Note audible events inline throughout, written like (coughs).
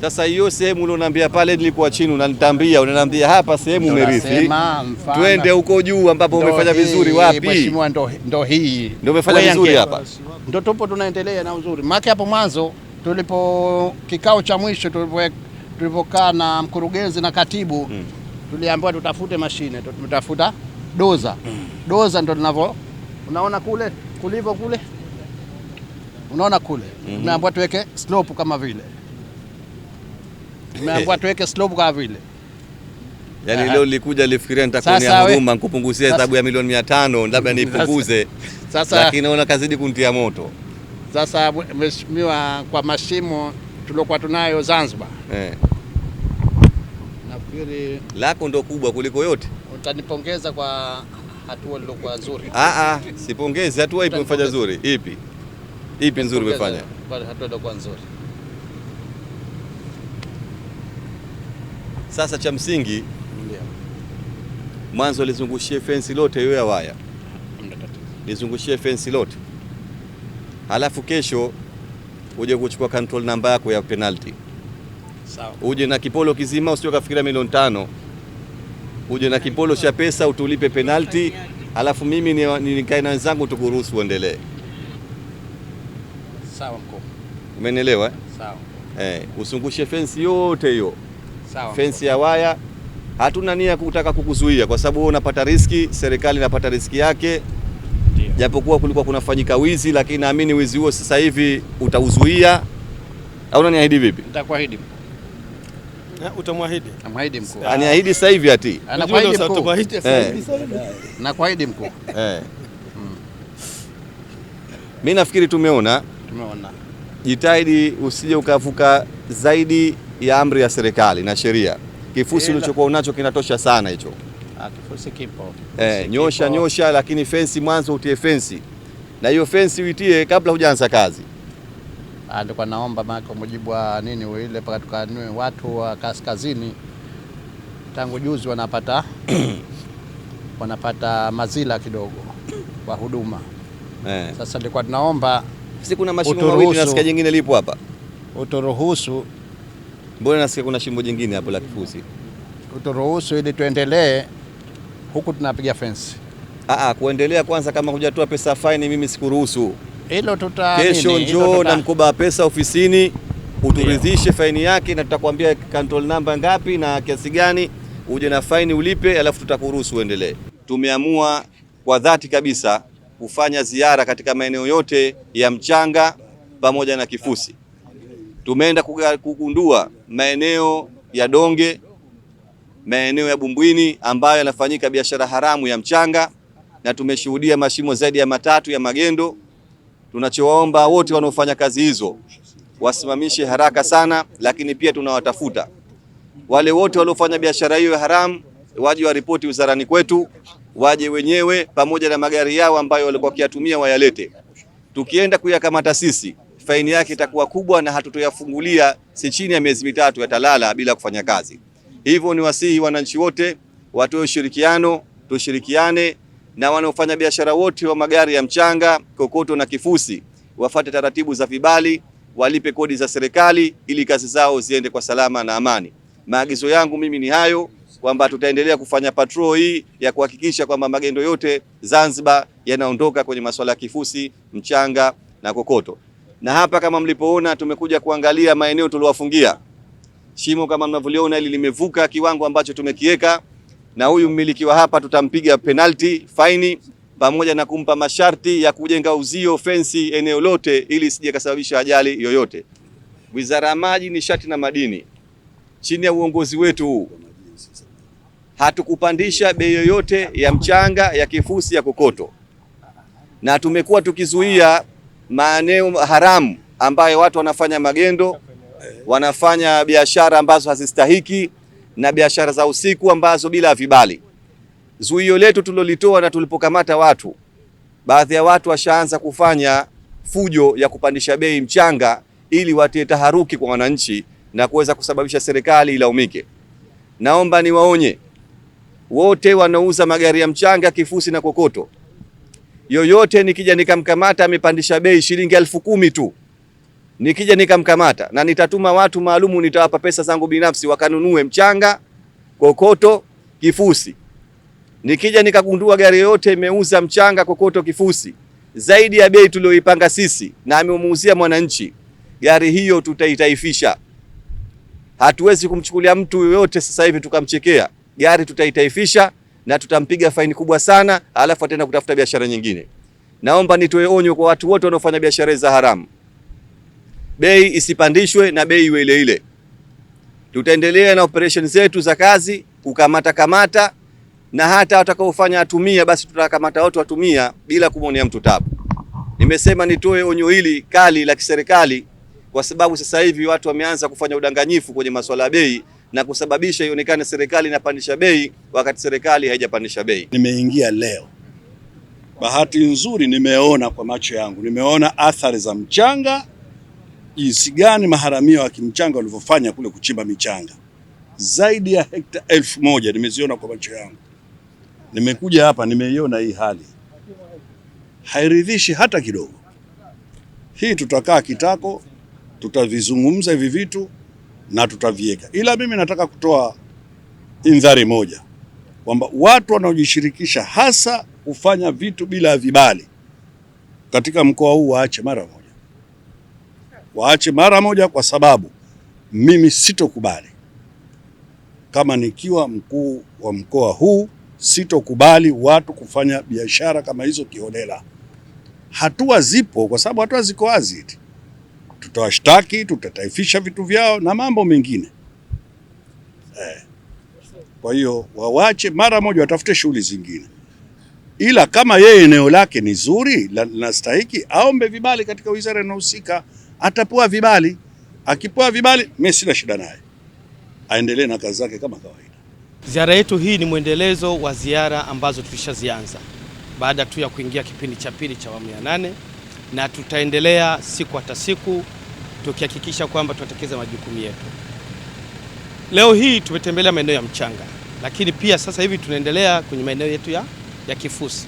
Sasa hiyo sehemu ulionambia pale nilikuwa chini, unanitambia unanambia hapa sehemu umerithi, twende huko juu ambapo umefanya vizuri. Wapi mheshimiwa? Ndo hii ndo umefanya vizuri hapa, ndo tupo tunaendelea na uzuri make. Hapo mwanzo tulipo kikao cha mwisho tulipokaa na mkurugenzi na katibu hmm, tuliambiwa tutafute mashine, tutafuta doza hmm. Doza ndo tunavyo, unaona kule kulivyo kule, unaona kule, mhm. tumeambiwa hmm, tuweke slope kama vile Tumeambiwa eh. tuweke slope kwa vile Yaani eh, leo eh. nilikuja nilifikiria nitakuonea huruma nikupunguzie hesabu ya milioni 500 labda nipunguze Sasa lakini naona kazidi kunitia moto. Sasa mheshimiwa, kwa mashimo tuliokuwa tunayo Zanzibar eh, nafikiri lako ndo kubwa kuliko yote. Utanipongeza kwa hatua lilokuwa nzuri. Ah ah, sipongezi hatua ipi umefanya nzuri? Ipi ipi nzuri umefanya? Hatua nzuri Sasa cha msingi Mwanzo lizungushie fensi lote hiyo ya waya lizungushie fensi lote, halafu kesho uje kuchukua control namba yako ya penalty sawa. Uje na kipolo kizima, usio kafikiria milioni tano, uje na kipolo cha pesa utulipe penalty, halafu mimi nikae na wenzangu tukuruhusu uendelee. Sawa mko, umenielewa eh? Sawa eh, usungushe fensi yote hiyo sawa. Fensi ya waya hatuna nia kutaka kukuzuia, kwa sababu unapata riski, serikali inapata riski yake. Japokuwa kulikuwa kunafanyika wizi, lakini naamini wizi huo sasa hivi utauzuia. Au unaniahidi vipi? Nitakuahidi utamwahidi, amwahidi mkuu, ah, aniahidi sasa hivi ati anakuahidi mkuu, na kuahidi eh. mkuu. Eh. Mimi hmm. nafikiri tumeona, tumeona. Jitahidi usije ukavuka zaidi ya amri ya serikali na sheria. Kifusi ulichokuwa unacho kinatosha sana hicho. Ah, kifusi kipo. Eh, nyosha kipo. Nyosha, lakini fensi mwanzo utie fensi na hiyo fensi uitie kabla hujaanza kazi. Ah, Ndio naomba maana kwa mujibu wa nini ile paka tukanue watu wa kaskazini tangu juzi wanapata (coughs) wanapata mazila kidogo kwa huduma eh. Sasa nilikuwa tunaomba si kuna mashimo mawili na sika jingine lipo hapa, uturuhusu Mbona nasikia kuna shimbo jingine hapo la kifusi? Uturuhusu ili tuendelee huku tunapiga Ah, ah, kuendelea kwanza, kama hujatoa pesa faini, mimi sikuruhusu hilo. Tuta kesho njoo na mkoba wa pesa ofisini uturidhishe faini yake, na tutakwambia control number ngapi na kiasi gani, uje na faini ulipe, alafu tutakuruhusu uendelee. Tumeamua kwa dhati kabisa kufanya ziara katika maeneo yote ya mchanga pamoja na kifusi tumeenda kugundua maeneo ya Donge, maeneo ya Bumbwini ambayo yanafanyika biashara haramu ya mchanga, na tumeshuhudia mashimo zaidi ya matatu ya magendo. Tunachowaomba wote wanaofanya kazi hizo wasimamishe haraka sana, lakini pia tunawatafuta wale wote waliofanya biashara hiyo ya haramu, waje waripoti wizarani kwetu, waje wenyewe pamoja na magari yao ambayo walikuwa wakiyatumia wayalete, tukienda kuyakamata sisi faini yake itakuwa kubwa na hatutoyafungulia si chini ya miezi mitatu, yatalala bila kufanya kazi. Hivyo ni wasihi wananchi wote watoe ushirikiano, tushirikiane na wanaofanya biashara wote wa magari ya mchanga, kokoto na kifusi wafate taratibu za vibali, walipe kodi za serikali ili kazi zao ziende kwa salama na amani. Maagizo yangu mimi ni hayo kwamba tutaendelea kufanya patrol hii ya kuhakikisha kwamba magendo yote Zanzibar yanaondoka kwenye masuala ya kifusi, mchanga na kokoto. Na hapa kama mlipoona, tumekuja kuangalia maeneo tuliwafungia. Shimo kama mnavyoliona hili limevuka kiwango ambacho tumekiweka, na huyu mmiliki wa hapa tutampiga penalti, faini pamoja na kumpa masharti ya kujenga uzio fensi eneo lote, ili sije kasababisha ajali yoyote. Wizara ya Maji, Nishati na Madini chini ya uongozi wetu huu hatukupandisha bei yoyote ya mchanga, ya kifusi, ya kokoto, na tumekuwa tukizuia maeneo haramu ambayo watu wanafanya magendo, wanafanya biashara ambazo hazistahiki na biashara za usiku ambazo bila vibali. Zuio letu tulilolitoa na tulipokamata watu, baadhi ya watu washaanza kufanya fujo ya kupandisha bei mchanga ili watie taharuki kwa wananchi na kuweza kusababisha serikali ilaumike. Naomba niwaonye wote wanaouza magari ya mchanga, kifusi na kokoto yoyote nikija nikamkamata amepandisha bei shilingi elfu kumi tu, nikija nikamkamata, na nitatuma watu maalumu, nitawapa pesa zangu binafsi wakanunue mchanga, kokoto, kifusi. Nikija nikagundua gari yote imeuza mchanga, kokoto, kifusi zaidi ya bei tulioipanga sisi na amemuuzia mwananchi, gari hiyo tutaitaifisha. Hatuwezi kumchukulia mtu yoyote sasa hivi tukamchekea. Gari tutaitaifisha na tutampiga faini kubwa sana, alafu ataenda kutafuta biashara nyingine. Naomba nitoe onyo kwa watu wote wanaofanya biashara za haramu, bei isipandishwe na bei iwe ile ile. Tutaendelea na operation zetu za kazi, kukamata kamata, na hata watakaofanya atumia, basi tutakamata watu watumia bila kumwonea mtu tabu. Nimesema nitoe onyo hili kali la kiserikali, kwa sababu sasa hivi watu wameanza kufanya udanganyifu kwenye masuala ya bei na kusababisha ionekane serikali inapandisha bei wakati serikali haijapandisha bei. Nimeingia leo, bahati nzuri nimeona kwa macho yangu, nimeona athari za mchanga, jinsi gani maharamia wa kimchanga walivyofanya kule kuchimba michanga zaidi ya hekta elfu moja nimeziona kwa macho yangu. Nimekuja hapa nimeiona hii hali, hairidhishi hata kidogo. Hii tutakaa kitako, tutavizungumza hivi vitu na tutaviega. ila mimi nataka kutoa indhari moja kwamba watu wanaojishirikisha hasa kufanya vitu bila vibali katika mkoa huu waache mara moja, waache mara moja, kwa sababu mimi sitokubali. Kama nikiwa mkuu wa mkoa huu, sitokubali watu kufanya biashara kama hizo kiholela. Hatua zipo, kwa sababu hatua ziko wazi tutawashtaki, tutataifisha vitu vyao na mambo mengine eh. Kwa hiyo wawache mara moja, watafute shughuli zingine, ila kama yeye eneo lake ni zuri linastahiki, aombe vibali katika wizara inahusika, atapewa vibali. Akipewa vibali, mimi sina shida naye, aendelee na kazi zake kama kawaida. Ziara yetu hii ni mwendelezo wa ziara ambazo tulishazianza baada tu ya kuingia kipindi cha pili cha awamu ya nane na tutaendelea siku hata siku tukihakikisha kwamba tunatekeleza majukumu yetu. Leo hii tumetembelea maeneo ya mchanga, lakini pia sasa hivi tunaendelea kwenye maeneo yetu ya, ya kifusi.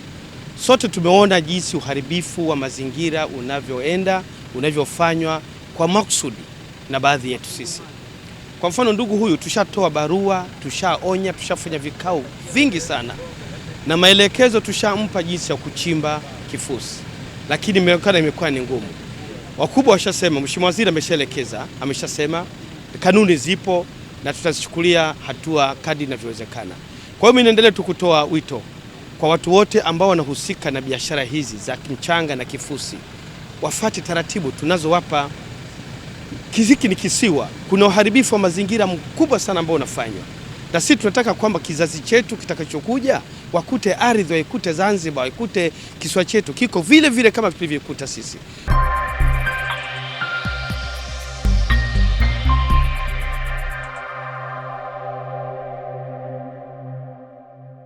Sote tumeona jinsi uharibifu wa mazingira unavyoenda unavyofanywa kwa maksudi na baadhi yetu sisi. Kwa mfano, ndugu huyu tushatoa barua, tushaonya, tushafanya vikao vingi sana na maelekezo tushampa jinsi ya kuchimba kifusi lakini imeonekana imekuwa ni ngumu. Wakubwa washasema, mheshimiwa waziri ameshaelekeza, ameshasema kanuni zipo na tutazichukulia hatua kadri inavyowezekana. Kwa hiyo mimi naendelea tu kutoa wito kwa watu wote ambao wanahusika na biashara hizi za mchanga na kifusi wafate taratibu tunazowapa. Kiziki ni kisiwa, kuna uharibifu wa mazingira mkubwa sana ambao unafanywa na sisi tunataka kwamba kizazi chetu kitakachokuja wakute ardhi waikute Zanzibar waikute kisiwa chetu kiko vile vile kama tulivyokuta sisi.